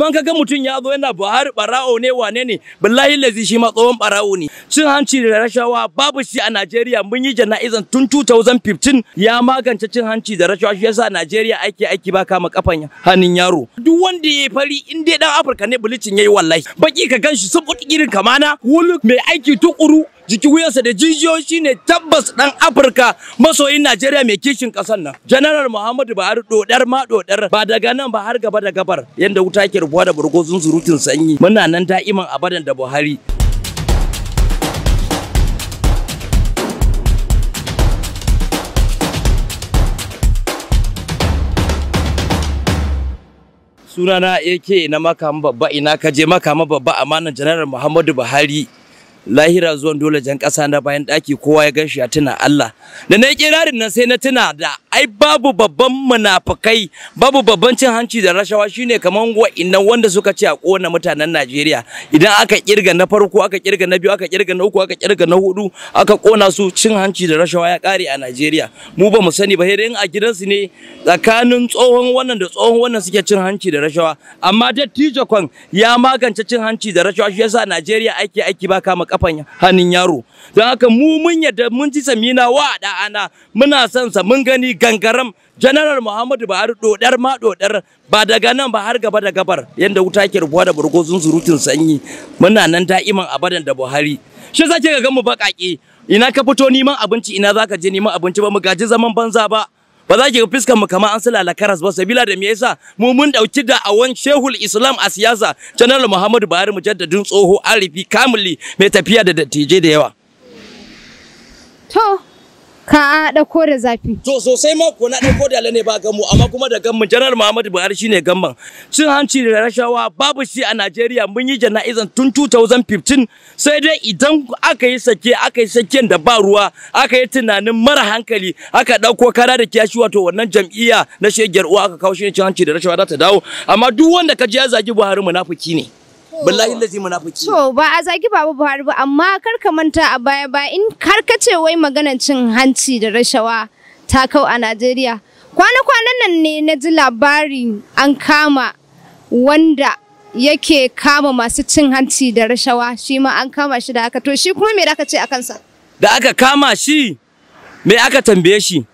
Ban ka ga mutum ya zo yana Buhari barawo ne wane ne billahi lazi shi ma tsohon barawo ne. Cin hanci da rashawa babu shi a Najeriya mun yi jana'izan tun 2015 ya magance cin hanci da rashawa shi yasa Najeriya ake aiki ba kama kafan hannun yaro. Duk wanda ya fari in dai dan Afirka ne bilicin yayi wallahi. Baki ka ganshi sun irin kamana wulu mai aiki tukuru jiki wuyansa da jijiyoyi shine tabbas ɗan Afirka masoyin Najeriya mai kishin kasar nan. General Muhammadu Buhari dodar ma dodar ba daga nan ba har gaba da gabar yanda wuta ke rubuwa da burgo zurutun sanyi. Muna nan da'iman abadan da Buhari. sunana AK na maka babba ina kaje maka babba amanan janar Muhammadu Buhari lahira zuwan dole jan kasa na bayan daki kowa ya ganshi ya tuna Allah da na kirarin nan sai na tuna da ai babu babban munafukai babu babban cin hanci da rashawa shine kaman wa'innan wanda suka ce a kona mutanen Najeriya idan aka kirga na farko aka kirga na biyu aka kirga na uku aka kirga na hudu aka kona su cin hanci da rashawa ya kare a Najeriya mu ba mu sani ba sai a gidansu ne tsakanin tsohon wannan da tsohon wannan suke cin hanci da rashawa amma dattijo kon ya magance cin hanci da rashawa shi yasa Najeriya aiki aiki ba kama kafan hannun yaro don haka mu mun yadda mun ji samina wa ana muna son sa mun gani gangaram janaral muhammadu buhari dodar ma dodar ba daga nan ba har gaba da gabar yadda wuta ke rubuwa da burgo zurutun sanyi muna nan da'iman abadan da buhari shi sa kika ga mu bakake ina ka fito neman abinci ina zaka je neman abinci ba mu gaji zaman banza ba ba za ki ga fuskar mu kamar an sulala karas ba sabila da me yasa mu mun dauki da awan shehul islam a siyasa janar muhammadu buhari mujaddadin tsoho arifi kamili mai tafiya da dattijai da yawa to Ka ɗauko da zafi. To sosai ma ko na ɗauko da ne ba gamu amma kuma da gamu janar Muhammadu Buhari shine gamban. Cin hanci da rashawa babu shi a Najeriya mun yi jana'izan tun 2015 sai dai idan aka yi sake aka yi saken da ba ruwa aka yi tunanin mara hankali aka ɗauko kara da kiyashi wato wannan jam'iyya na shegiyar uwa aka kawo shi cin hanci da rashawa za ta dawo amma duk wanda ka ji ya zagi Buhari munafiki ne. wallahi lazi munafiki to ba a zagi baba Buhari ba amma kar ka manta a baya ba in kar ka ce wai maganar cin hanci da rashawa ta kau a Najeriya kwana-kwanan nan ne na ji labari an kama wanda yake kama masu cin hanci da rashawa shi ma an kama shi da haka to shi kuma me da aka ce a kansa da aka kama shi me aka tambaye shi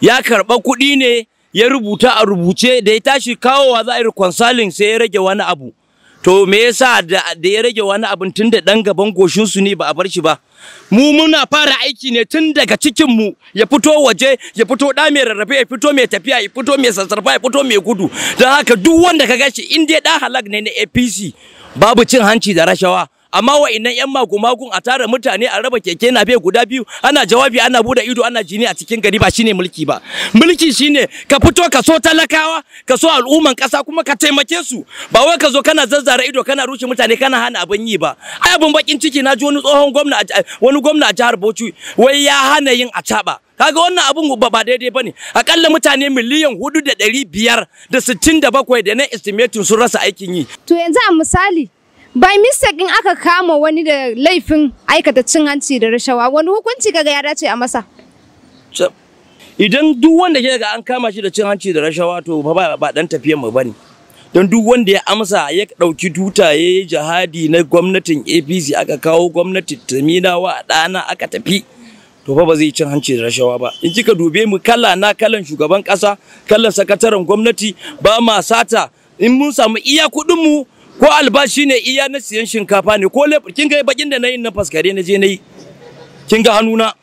ya karɓa kuɗi ne ya rubuta a rubuce da ya tashi kawowa za a yi reconciling sai ya rage wani abu to me yasa da ya rage wani abin tun da dan gaban goshin su ne ba a bar shi ba mu muna fara aiki ne tun daga cikin mu ya fito waje ya fito da mai rarrafe ya fito mai tafiya ya fito mai sassarfa ya fito mai gudu don haka duk wanda ka gashi in dai da halak ne na APC babu cin hanci da rashawa amma wa'inan yan magumagun a tara mutane a raba keke na bai guda biyu ana jawabi ana bude ido ana jini a cikin gari ba shine mulki ba mulki shine ka fito ka so talakawa ka so al'umman kasa kuma ka taimake su ba wai ka zo kana zazzara ido kana rushe mutane kana hana abin yi ba ai abin bakin ciki na ji wani tsohon gwamna wani gwamna a jihar Bauchi wai ya hana yin acaba kaga wannan abun ba daidai bane akalla mutane miliyan hudu da ɗari biyar da sittin da bakwai da na estimating sun rasa aikin yi to yanzu a misali By mistake in aka kama wani da laifin aikata cin hanci da rashawa wani hukunci kaga ya dace a masa? Idan duk wanda ke ga an kama shi da cin hanci da rashawa to ba ba dan tafiyar mu bane. Don duk wanda ya amsa ya dauki tuta ya jihadi na gwamnatin APC aka kawo gwamnati Taminawa a ɗana aka tafi. to fa ba zai cin hanci da rashawa ba in kika dube mu kala na kalan shugaban kasa kalan sakataren gwamnati ba ma sata in mun samu iya kuɗin mu ko albashi ne iya na siyan shinkafa ne ko lebur kin ga bakin da nayin na faskare na je nayi kin ga hannuna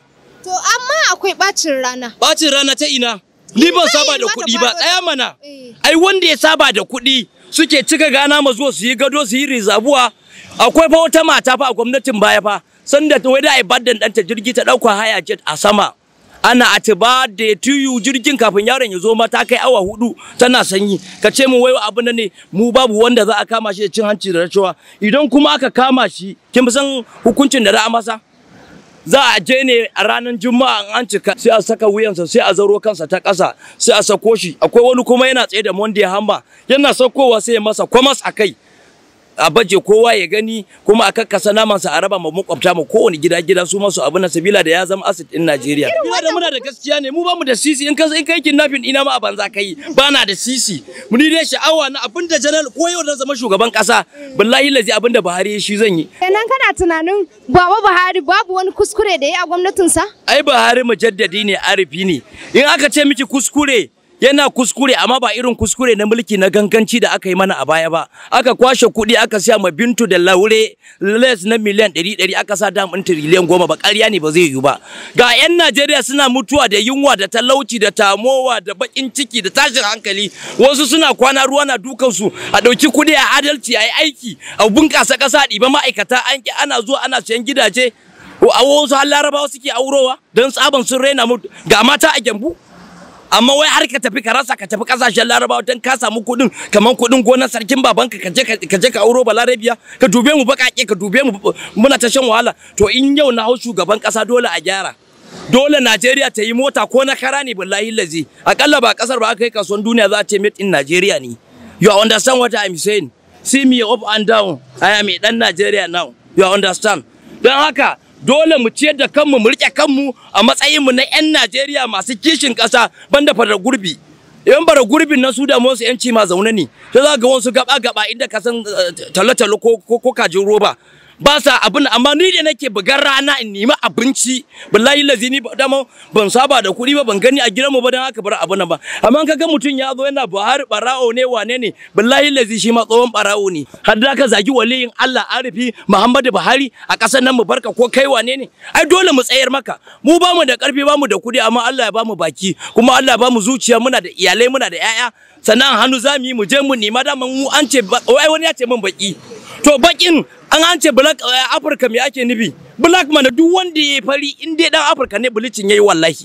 to amma akwai bacin rana bacin rana ta ina ni ban saba da kuɗi ba Ɗaya mana eh. ai wanda ya saba da kuɗi suke cika gana ma zuwa su yi gado su yi rizabuwa akwai fa wata mata fa a gwamnatin baya fa sanda wai da ai baddan ɗanta jirgi ta ɗauka haya jet a sama ana atiba da tuyu jirgin kafin yaron ya zo ma kai awa hudu tana sanyi ka ce mu wai abu na ne mu babu wanda za a kama shi da cin hanci da rashawa idan kuma aka kama shi kin san hukuncin da za a masa za a je ne a ranar juma'a an cika sai a saka wuyansa sai a zaro kansa ta ƙasa sai a sako shi akwai wani kuma yana tsaye da monday hamba yana saukowa sai ya masa kwamas a kai a baje kowa ya gani kuma a kasa naman sa a raba ma makwabta mu kowane gida gida su masu na sabila da ya zama asid din Najeriya ina da muna da gaskiya ne mu ba mu da sisi in ka in kai kidnapping ina ma a banza kai ba na da sisi mu ni dai sha'awa na abin da general ko yau na zama shugaban kasa wallahi lazi abin da Buhari ya shi zan yi kenan kana tunanin baba Buhari babu wani kuskure da ya a gwamnatin sa ai Buhari mujaddadi ne arifi ne in aka ce miki kuskure yana kuskure amma ba irin kuskure na mulki na ganganci da aka yi mana a baya ba aka kwashe kuɗi aka siya ma bintu da laure les na miliyan ɗari ɗari aka sa dam ɗin tiriliyan goma ba ƙarya ne ba zai yiwu ba ga 'yan najeriya suna mutuwa da yunwa da talauci da tamowa da bakin ciki da tashin hankali wasu suna kwana ruwa na dukansu a ɗauki kuɗi a adalci a yi aiki a bunƙasa ƙasa ba ma'aikata an ana zuwa ana siyan gidaje a wasu har larabawa suke aurowa don tsaban sun raina mu ga mata a gyambu amma wai har ka tafi ka rasa ka tafi kasashen larabawa don ka samu kuɗin kamar kuɗin gonar sarkin babanka ka je ka ka auro balarabiya ka dube mu baƙaƙe ka dube mu muna ta shan wahala to in yau na hau shugaban ƙasa dole a gyara dole Najeriya ta yi mota ko na kara ne billahi lazi akalla ba kasar ba aka yi kasuwan duniya za a ce made in Najeriya ne you understand what I am saying see me up and down I am a dan Najeriya now you understand don haka dole mu ciyar da kanmu mu riƙe kanmu a matsayinmu na 'yan Najeriya masu kishin ƙasa banda fara gurbi. Yan bara gurbin nan su da su 'yanci ma zaune ne, sai za ga wasu gaba-gaba inda ka san eh, talo-talo ko kajin roba. ba sa abin amma ni da nake bugar rana in nemi abinci wallahi lazini ba dama ban saba da kuɗi ba ban gani a gidanmu ba dan haka bar abin nan ba amma ka kaga mutum ya zo yana Buhari barao ne wane ne wallahi lazi shi ma tsohon barao ne har da ka zagi waliyin Allah Arifi Muhammadu Buhari a ƙasar nan mu barka ko kai wane ne ai dole mu tsayar maka mu ba mu da ƙarfi ba mu da kuɗi amma Allah ya ba mu baki kuma Allah ya ba mu zuciya muna da iyalai muna da 'ya'ya sannan hannu za mu yi mu je mu nema dama mu an ce wai wani ya ce min baki to bakin an an ce black eh, africa me ake nufi black man duk wanda yayi fari in dai dan africa ne bleaching yayi wallahi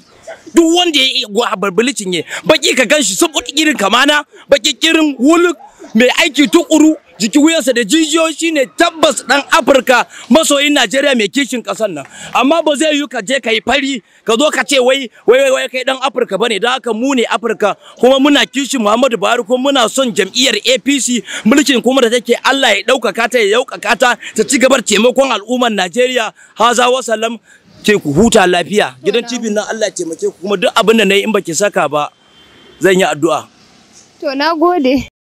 duk wanda yayi yi bleaching yayi baki ka ganshi saboda irin kamana baki kirin wuluk mai aiki tukuru jiki wuyansa da jijiyoyi shine tabbas dan Afirka masoyin Najeriya mai kishin kasar nan amma ba zai yi ka je ka fari ka zo ka ce wai wai wai kai dan Afirka bane dan haka mu ne Afirka kuma muna kishin Muhammadu Buhari kuma muna son jam'iyyar APC mulkin kuma da take Allah ya ɗaukaka ta ya yaukaka ta ta ci gabar taimakon al'ummar Najeriya haza wa sallam ke ku huta lafiya gidan TV nan Allah ya taimake ku kuma duk abin da nayi in baki saka ba zan yi addu'a to gode.